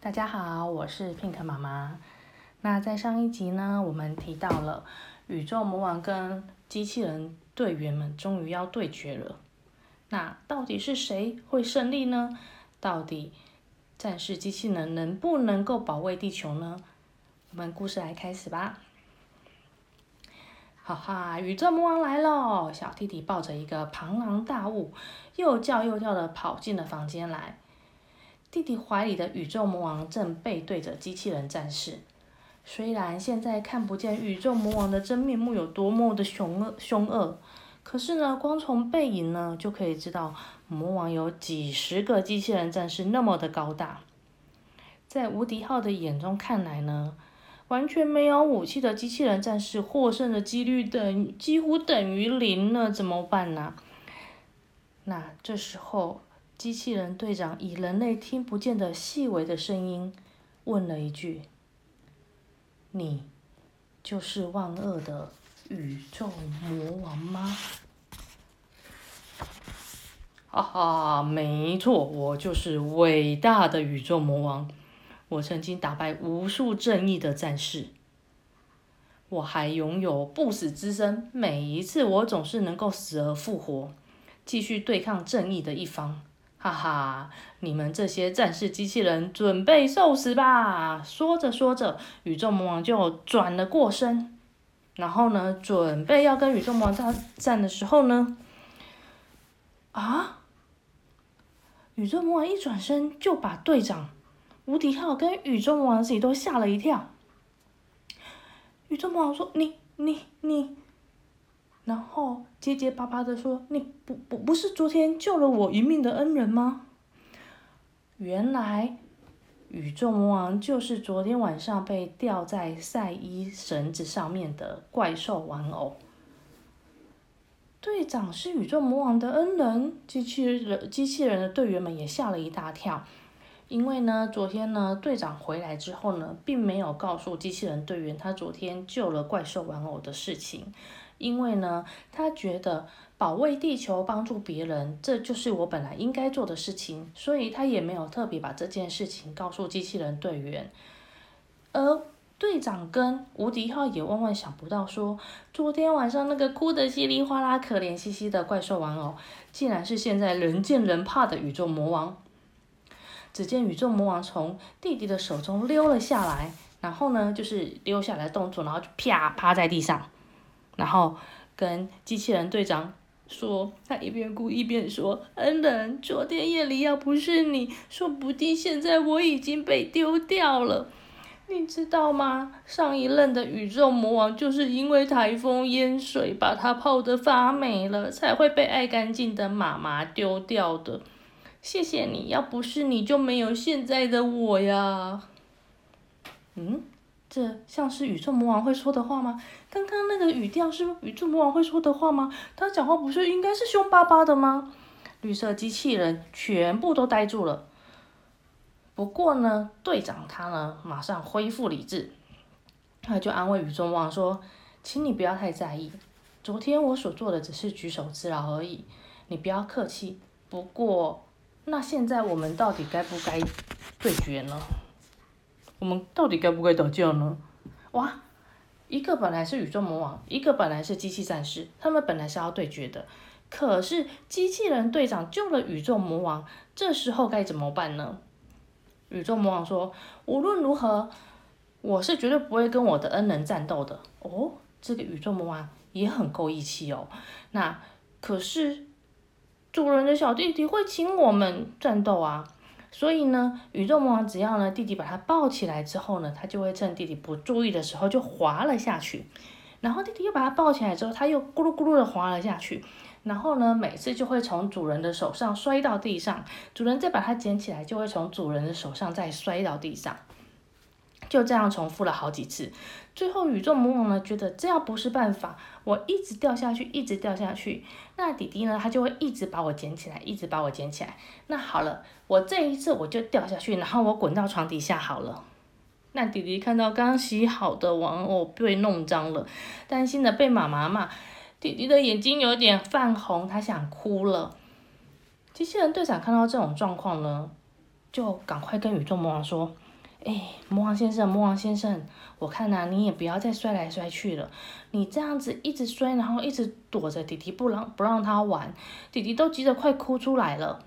大家好，我是 Pink 媽媽。那在上一集呢，我們提到了宇宙魔王跟機器人隊員們終於要對決了。那到底是誰會勝利呢？到底？戰士機器人能不能夠保衛地球呢？我們故事來開始吧！哈哈，宇宙魔王來嘍！小弟弟抱着一個龐然大物，又叫又叫的跑進了房間來。弟弟懷裡的宇宙魔王正背對着機器人戰士，雖然現在看不見宇宙魔王的真面目有多麼的兇惡兇惡。可是呢，光從背影呢就可以知道，魔王有幾十個機器人戰士那麼的高大，在無敵號的眼中看來呢，完全沒有武器的機器人戰士獲勝的幾率等幾乎等於零了，怎麼辦呢、啊？那這時候，機器人隊長以人類聽不見的細微的聲音問了一句：“你就是萬惡的宇宙魔王嗎？”啊，沒錯，我就是偉大的宇宙魔王。我曾經打敗無數正義的戰士，我還擁有不死之身，每一次我總是能夠死而復活，繼續對抗正義的一方。哈哈，你們這些戰士機器人，準備受死吧！說着說着，宇宙魔王就轉了過身，然後呢，準備要跟宇宙魔王大戰的時候呢，啊！宇宙魔王一轉身，就把隊長無敵浩跟宇宙魔王自己都嚇了一跳。宇宙魔王說：“你、你、你！”然後結結巴巴的說：“你不、不、不是昨天救了我一命的恩人嗎？”原來，宇宙魔王就是昨天晚上被吊在曬衣繩子上面的怪獸玩偶。隊長是宇宙魔王的恩人，機器人機器人的隊員們也嚇了一大跳，因為呢，昨天呢，隊長回來之後呢，並沒有告訴機器人隊員他昨天救了怪獸玩偶的事情，因為呢，他覺得保衛地球、幫助別人，這就是我本來應該做的事情，所以他也沒有特別把這件事情告訴機器人隊員。而隊長跟無敵號也萬萬想不到說，說昨天晚上那個哭得稀里嘩啦、可憐兮兮的怪獸玩偶，竟然是現在人見人怕的宇宙魔王。只見宇宙魔王從弟弟的手中溜了下來，然後呢，就是溜下來動作，然後就啪趴在地上，然後跟機器人隊長說，他一邊哭一邊說：“恩人，昨天夜裡要不是你，說不定現在我已經被丟掉了。”你知道嗎？上一任的宇宙魔王就是因為颱風淹水，把他泡得發霉了，才會被愛乾淨的媽媽丟掉的。謝謝你，要不是你就沒有現在的我呀。嗯，這像是宇宙魔王會說的話嗎？剛剛那個語調是宇宙魔王會說的話嗎？他講話不是應該是兇巴巴的嗎？綠色機器人全部都呆住了。不過呢，隊長他呢馬上恢復理智，他就安慰宇宙魔王說：“請你不要太在意，昨天我所做的只是舉手之勞而已，你不要客氣。”不過，那現在我們到底該不該對決呢？我們到底該不該打架呢？哇，一個本來是宇宙魔王，一個本來是機器戰士，他們本來是要對決的，可是機器人隊長救了宇宙魔王，這時候該怎麼辦呢？宇宙魔王說：“無論如何，我是絕對不會跟我的恩人戰鬥的。”哦，這個宇宙魔王也很夠義氣哦。那可是主人的小弟弟會請我們戰鬥啊，所以呢，宇宙魔王只要呢弟弟把他抱起來之後呢，他就會趁弟弟不注意的時候就滑了下去。然後弟弟又把他抱起來之後，他又咕嚕咕嚕的滑了下去。然後呢，每次就會從主人的手上摔到地上，主人再把它撿起來，就會從主人的手上再摔到地上，就這樣重複了好幾次。最後，宇宙魔偶呢覺得這樣不是辦法，我一直掉下去，一直掉下去。那弟弟呢，他就會一直把我撿起來，一直把我撿起來。那好了，我這一次我就掉下去，然後我滾到床底下好了。那弟弟看到剛剛洗好的玩偶、哦、被弄髒了，擔心的被媽媽罵。弟弟的眼睛有點泛紅，他想哭了。機器人隊長看到這種狀況呢，就趕快跟宇宙魔王說：“欸，魔王先生，魔王先生，我看吶，你也不要再摔來摔去了。你這樣子一直摔，然後一直躲着弟弟，不讓不讓他玩，弟弟都急得快哭出來了。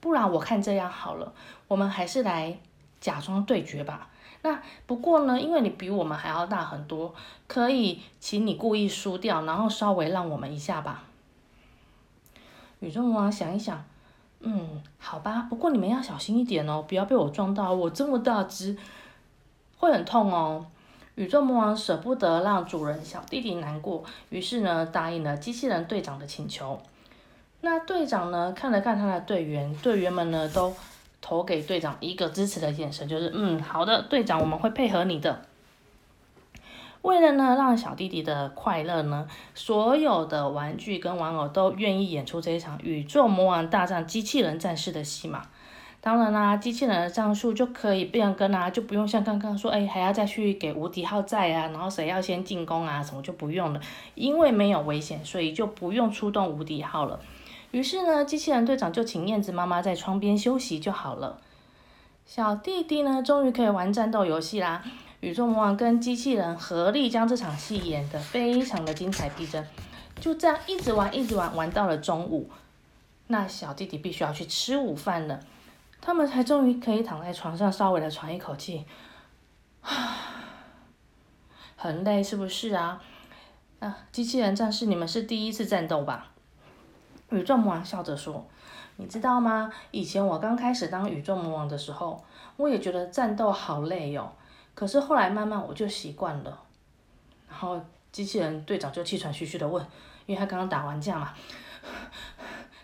不然我看這樣好了，我們還是來假裝對決吧。”那不過呢，因為你比我們還要大很多，可以請你故意輸掉，然後稍微讓我們一下吧。宇宙魔王想一想，嗯，好吧，不過你們要小心一點哦，不要被我撞到，我這麼大隻，會很痛哦。宇宙魔王捨不得讓主人小弟弟難過，於是呢，答應了機器人隊長的請求。那隊長呢，看了看他的隊員，隊員們呢都投給隊長一個支持的眼神，就是嗯，好的，隊長，我們會配合你的。為了呢，讓小弟弟的快樂呢，所有的玩具跟玩偶都願意演出這一場宇宙魔王大戰機器人戰士的戲碼。當然啦，啊，機器人的戰術就可以變更啊，就不用像剛剛說，誒，還要再去給無敵號載啊，然後誰要先進攻啊，什麼就不用了，因為沒有危險，所以就不用出動無敵號了。於是呢，機器人隊長就請燕子媽媽在窗邊休息就好了。小弟弟呢，終於可以玩戰鬥遊戲啦！宇宙魔王跟機器人合力將這場戲演得非常的精彩逼真，就這樣一直玩一直玩，玩到了中午。那小弟弟必須要去吃午飯了，他們才終於可以躺在床上稍微的喘一口氣。很累是不是啊？啊，機器人戰士，你們是第一次戰鬥吧？宇宙魔王笑着說：“你知道嗎？以前我剛開始當宇宙魔王的時候，我也覺得戰鬥好累喲、哦。可是後來慢慢我就習慣了。”然後機器人隊長就氣喘吁吁地問：“因為他剛剛打完架嘛、啊，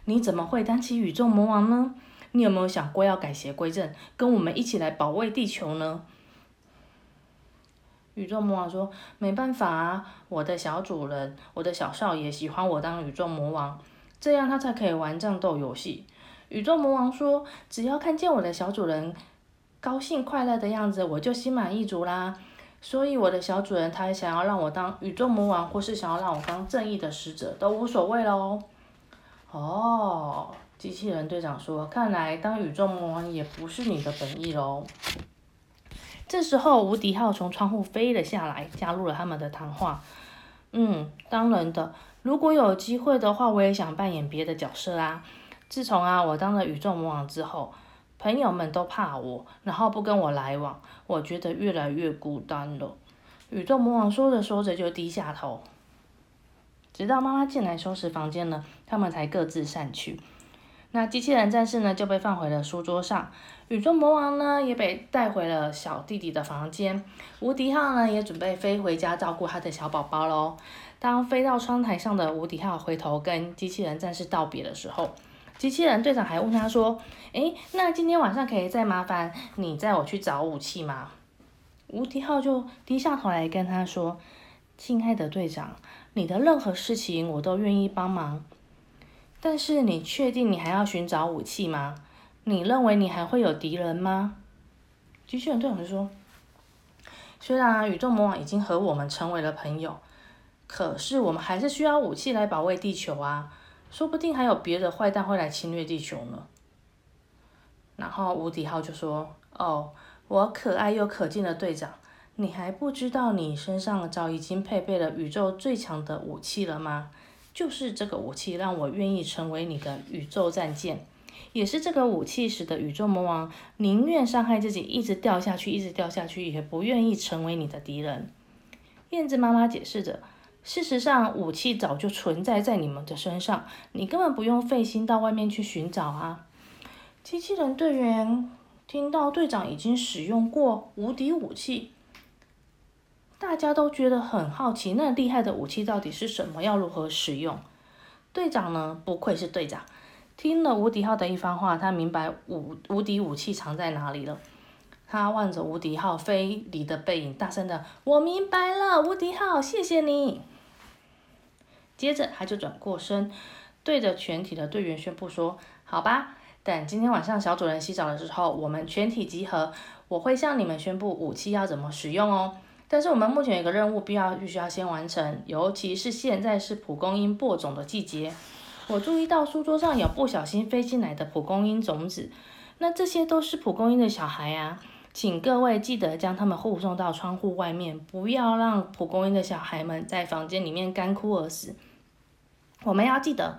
你怎麼會當起宇宙魔王呢？你有沒有想過要改邪歸正，跟我們一起來保衛地球呢？”宇宙魔王說：“沒辦法啊，我的小主人，我的小少爺喜歡我當宇宙魔王。”這樣他才可以玩戰鬥遊戲。宇宙魔王說：“只要看見我的小主人高興快樂的樣子，我就心滿意足啦。所以我的小主人他想要讓我當宇宙魔王，或是想要讓我當正義的使者，都無所謂嘍。”哦，機器人隊長說：“看來當宇宙魔王也不是你的本意嘍。”這時候，無敵號從窗戶飛了下來，加入了他們的談話。嗯，當然的。如果有機會的話，我也想扮演別的角色啊！自從啊，我當了宇宙魔王之後，朋友們都怕我，然後不跟我來往，我覺得越來越孤單了。宇宙魔王說着說着就低下頭，直到媽媽進來收拾房間了，他們才各自散去。那機器人戰士呢就被放回了書桌上，宇宙魔王呢也被帶回了小弟弟的房間，無敵號呢也準備飛回家照顧他的小寶寶嘍。當飛到窗台上的無敵號回頭跟機器人戰士道別的時候，機器人隊長還問他說：“誒，那今天晚上可以再麻煩你載我去找武器嗎？”無敵號就低下頭來跟他說：“親愛的隊長，你的任何事情我都願意幫忙。”但是你確定你還要尋找武器嗎？你認為你還會有敵人嗎？機器人隊長就說：“雖然、啊、宇宙魔王已經和我們成為了朋友，可是我們還是需要武器來保衛地球啊！說不定還有別的壞蛋會來侵略地球呢。”然後無敵號就說：“哦，我可愛又可敬的隊長，你還不知道你身上早已經配備了宇宙最強的武器了嗎？”就是這個武器讓我願意成為你的宇宙戰艦，也是這個武器使得宇宙魔王寧願傷害自己，一直掉下去，一直掉下去，也不願意成為你的敵人。燕子媽媽解釋着，事實上武器早就存在在你們的身上，你根本不用費心到外面去尋找啊。機器人隊員聽到隊長已經使用過無敵武器。大家都覺得很好奇，那個厲害的武器到底是什麼？要如何使用？隊長呢？不愧是隊長，聽了無敵號的一番話，他明白無無敵武器藏在哪裡了。他望着無敵號飛離的背影，大聲地：“我明白了，無敵號，謝謝你。”接着他就轉過身，對着全體的隊員宣布說：“好吧，等今天晚上小主人洗澡的時候，我們全體集合，我會向你們宣布武器要怎麼使用哦。”但是我們目前有一個任務必要必須要先完成，尤其是現在是蒲公英播種的季節。我注意到書桌上有不小心飛進來的蒲公英種子，那這些都是蒲公英的小孩呀、啊，請各位記得將他們護送到窗戶外面，不要讓蒲公英的小孩們在房間裡面乾枯而死。我們要記得，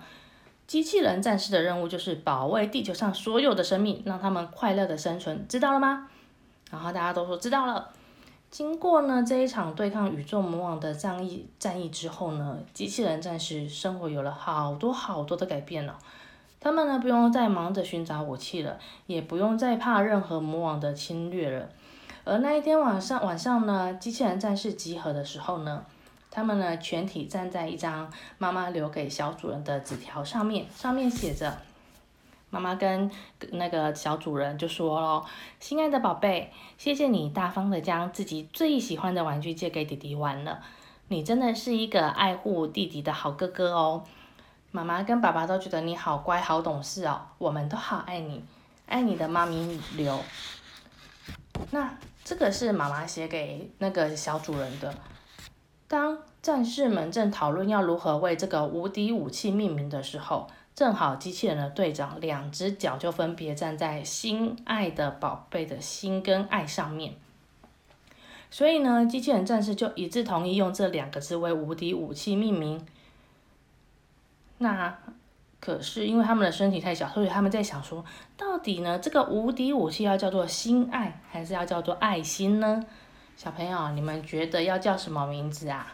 機器人戰士的任務就是保衛地球上所有的生命，讓他們快樂的生存，知道了嗎？然後大家都說知道了。經過呢，這一場對抗宇宙魔王的戰役戰役之後呢，機器人戰士生活有了好多好多的改變了。他們呢，不用再忙着尋找武器了，也不用再怕任何魔王的侵略了。而那一天晚上，晚上呢，機器人戰士集合的時候呢，他們呢，全體站在一張媽媽留給小主人的紙條上面，上面寫着。媽媽跟那個小主人就說：“哦，親愛的寶貝，謝謝你大方的將自己最喜歡的玩具借給弟弟玩了，你真的是一個愛護弟弟的好哥哥哦。”媽媽跟爸爸都覺得你好乖好懂事哦，我們都好愛你，愛你的媽咪留。那這個是媽媽寫給那個小主人的。當戰士們正討論要如何為這個無敵武器命名的時候，正好機器人的隊長兩隻腳就分別站在“心愛”的寶貝的“心”跟“愛”上面，所以呢，機器人戰士就一致同意用這兩個字為無敵武器命名。那可是因為他們的身體太小，所以他們在想說，到底呢這個無敵武器要叫做“心愛”還是要叫做“愛心”呢？小朋友，你們覺得要叫什麼名字啊？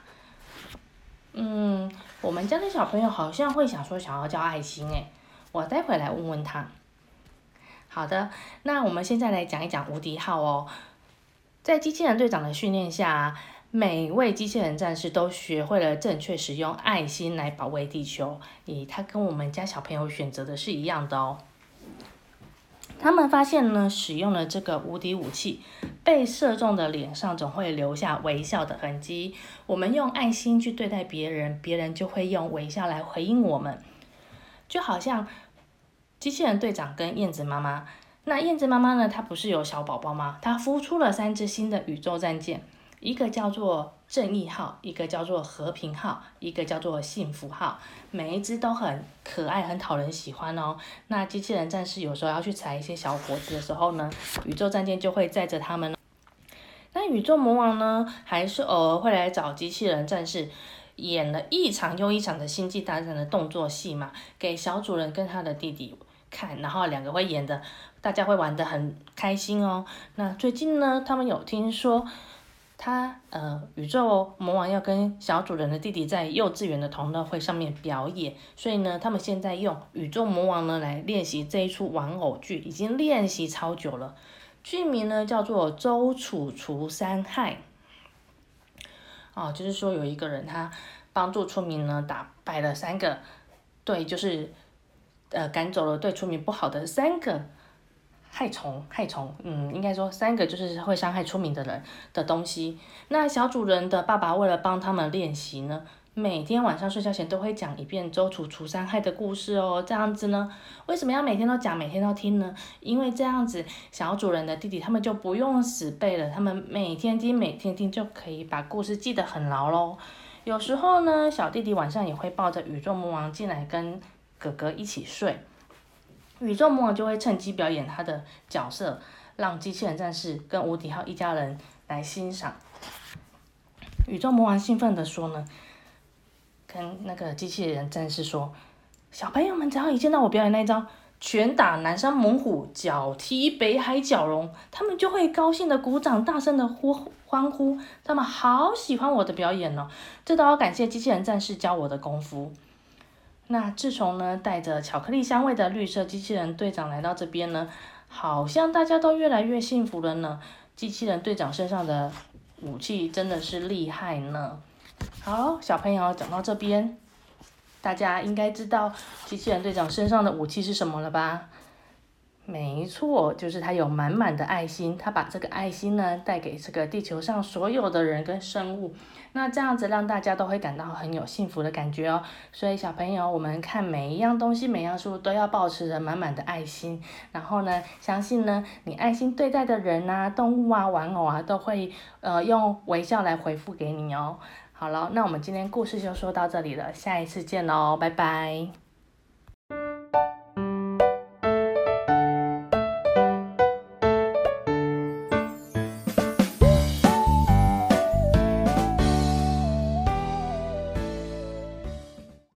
嗯。我們家的小朋友好像會想說想要叫愛心誒，我待會來問問他。好的，那我們現在來講一講無敵號哦，在機器人隊長的訓練下，每位機器人戰士都學會了正確使用愛心來保衛地球。咦，他跟我們家小朋友選擇的是一樣的哦。他們發現呢，使用了這個無敵武器，被射中的臉上總會留下微笑的痕跡。我們用愛心去對待別人，別人就會用微笑來回應我們。就好像機器人隊長跟燕子媽媽，那燕子媽媽呢？她不是有小寶寶嗎？她孵出了三隻新的宇宙戰艦。一個叫做正義號，一個叫做和平號，一個叫做幸福號，每一只都很可愛，很討人喜歡哦。那機器人戰士有時候要去採一些小果子的時候呢，宇宙戰艦就會載着他們。那宇宙魔王呢，還是偶爾會來找機器人戰士，演了一場又一場的星際大戰的動作戲嘛，給小主人跟他的弟弟看，然後兩個會演的，大家會玩得很開心哦。那最近呢，他們有聽說。他呃，宇宙魔王要跟小主人的弟弟在幼稚園的同樂會上面表演，所以呢，他們現在用宇宙魔王呢來練習這一出玩偶劇，已經練習超久了。劇名呢叫做《周處除三害》哦，就是說有一個人他幫助村民呢打敗了三個，對，就是呃趕走了對村民不好的三個。害蟲，害蟲，嗯，應該說三個就是會傷害出名的人的東西。那小主人的爸爸為了幫他們練習呢，每天晚上睡覺前都會講一遍《周處除三害》的故事哦。這樣子呢，為什麼要每天都講，每天都聽呢？因為這樣子，小主人的弟弟他們就不用死背了，他們每天聽，每天聽就可以把故事記得很牢嘍。有時候呢，小弟弟晚上也會抱着宇宙魔王進來跟哥哥一起睡。宇宙魔王就會趁機表演他的角色，讓機器人戰士跟吳迪浩一家人來欣賞。宇宙魔王興奮地說呢，跟那個機器人戰士說，小朋友們只要一見到我表演那一招，拳打南山猛虎，腳踢北海蛟龍，他們就會高興的鼓掌大地，大聲的呼歡呼，他們好喜歡我的表演哦，這都要感謝機器人戰士教我的功夫。那自從呢，帶着巧克力香味的綠色機器人隊長來到這邊呢,好像大家都越來越幸福了呢。機器人隊長身上的武器真的是厲害呢。好，小朋友講到這邊，大家應該知道機器人隊長身上的武器是什麼了吧？沒錯，就是他有滿滿的愛心，他把這個愛心呢帶給這個地球上所有的人跟生物，那這樣子讓大家都會感到很有幸福的感覺哦。所以小朋友，我們看每一樣東西、每樣事物都要保持着滿滿的愛心，然後呢，相信呢你愛心對待的人啊、動物啊、玩偶啊，都會呃用微笑來回復給你哦。好了，那我們今天故事就說到這裡了，下一次見嘍，拜拜。